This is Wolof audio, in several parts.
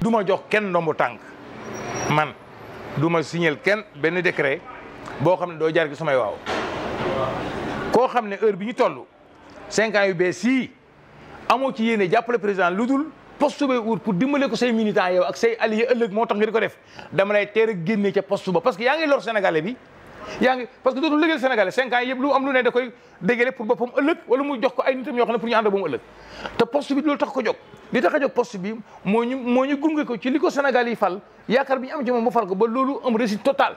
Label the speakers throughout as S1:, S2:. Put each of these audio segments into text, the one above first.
S1: du ma jox kenn ndombu tànk man du ma signal kenn benn décret boo xam ne doo jaar gi samay waaw koo xam ne heure bi ñu toll cinq ans yu bees yii amoo ci yéene jàppale président lu dul poste bay uur pour dimbale ko say militants yow ak say alliés ëllëg moo tax nga di ko def dama lay teel a génne ca post ba parce que yaa ngi lor Sénégalais bi yaa ngi parce que dootul liggéeyal sénégalais cinq ans yëpp lu am lu ne da koy dégale pour boppam ëllëg wala mu jox ko ay nitam yoo xam ne pour ñu ànda ba mu ëllëg te poste bi loolu tax ko jóg di tax a jóg poste bi moo ñu moo ñu gunge ko ci li ko sénégal yi fal yaakaar bi ñu am ci moom mu fal ko ba loolu am réussite total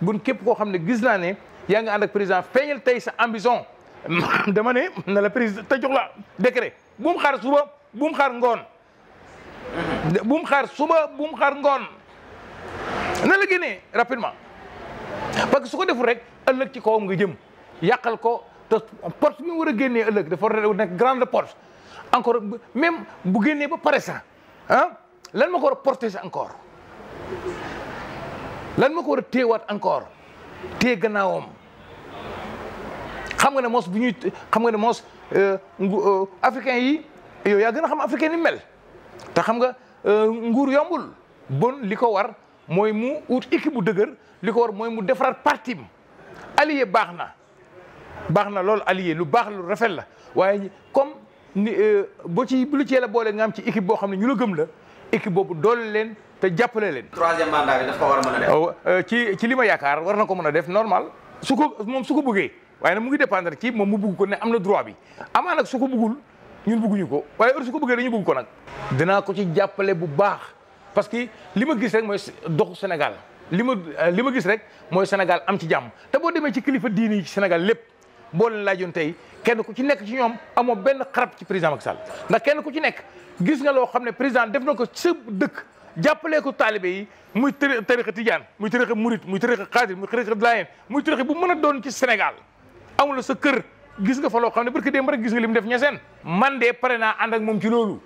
S1: bun képp koo xam ne gis naa ne yaa ngi ànd ak président feeñal tey sa ambition dama ne na la président te jox la décret bu mu xaar suba bu mu xaar ngoon mm-hmm. bu mu xaar suba bu xaar ngoon na la génnee rapidement parce que su ko deful rek ëllëg ci kawam nga jëm yàqal ko te porte mi war a génnee de dafa nekk grande porte encore même bu génnee ba pare sax ah lan ma ko war a protéger encore lan ma ko war a téewaat encore téye gannaawam xam nga ne mos bu ñuy xam nga ne moos euh, euh, africain yi yow yaa gën a xam africain yi mel te xam nga euh, nguur yombul bon li ko war mooy mu ut équipe mu dëgër li ko war mooy mu defaraat parti bi allié baxna baxna lol allié lu bax lu rafet la waye comme euh, bo ci bu lu cee la boole nga am ci équipe bo xam ñu la gëm la équipe bobu doole leen te jàppale leen. troisième mandat bi daf ko war a def. Oh, euh, ci ci lima ma yaakaar war na ko mëna def normal suko mom suko bëggé waye bëggee mu ngi dépendre ci mom mu bëgg ko né am na droit bi amana nag su bëggul ñun bëgguñu ko waye heure suko bëggé dañu bëgg ko nak dina ko ci jappalé bu baax parce que lima gis rek moy dox Sénégal. li ma euh, li ma gis rek mooy Sénégal am ci jàmm te boo demee ci kilifa diini yi ci Sénégal lépp boo leen laajoon tey kenn ku ci nekk ci ñoom amoo benn xarab ci président Macky Sall ndax kenn ku ci nekk gis nga loo xam ne président def na ko sa dëkk jàppalee ko taalibe yi muy tarixa tijaan muy tarixa murit muy tarixa xaadir muy tarixa laayeen muy tarixa bu mën a doon ci Sénégal amul sa kër gis nga fa loo xam ne barki démb rek gis nga li mu def ñeseen man de pare naa ànd ak moom ci loolu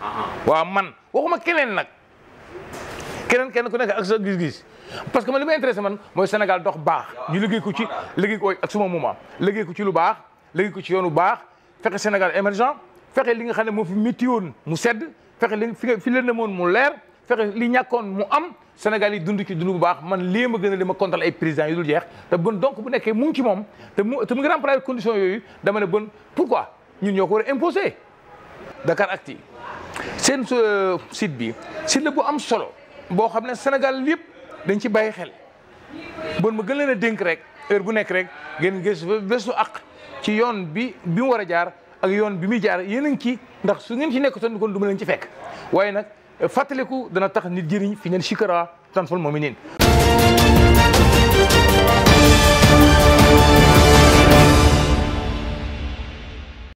S1: ah, ah. man waxuma keneen nag keneen kenn ku nekk ak sa gis-gis parce que man li ma intéressé man mooy Sénégal dox baax ñu liggéey ko ci liggéey ko ak suma moment liggéey ko ci lu baax liggéey ko ci yoonu baax fexe Sénégal émergent fexe li nga xam ne moo fi métti mu sedd fexe li fi fi leen demoon mu leer fexe li ñàkkoon mu am Sénégal yi dund ci dund bu baax man lii ma gën a li ma kontal ay présidents yu dul jeex te bon donc bu nekkee mu ngi ci moom te mu te mu ngi remplir conditions yooyu dama ne bon pourquoi ñun ñoo ko war imposé imposer Dakaractu seen euh, site bi site la bu am solo. boo xam ne senegal yëpp dañ ci bàyyi xel bon ma gën leen a dénk rek heure bu nekk rek ngeen gës bésu ak ci yoon bi bi mu war a jaar ak yoon bi muy jaar yéen a ci ndax su ngeen ci nekk toon kon du ma leen ci fekk waaye nag fàttaliku dana tax nit jëriñ fi ngeen sikara tan fol moom i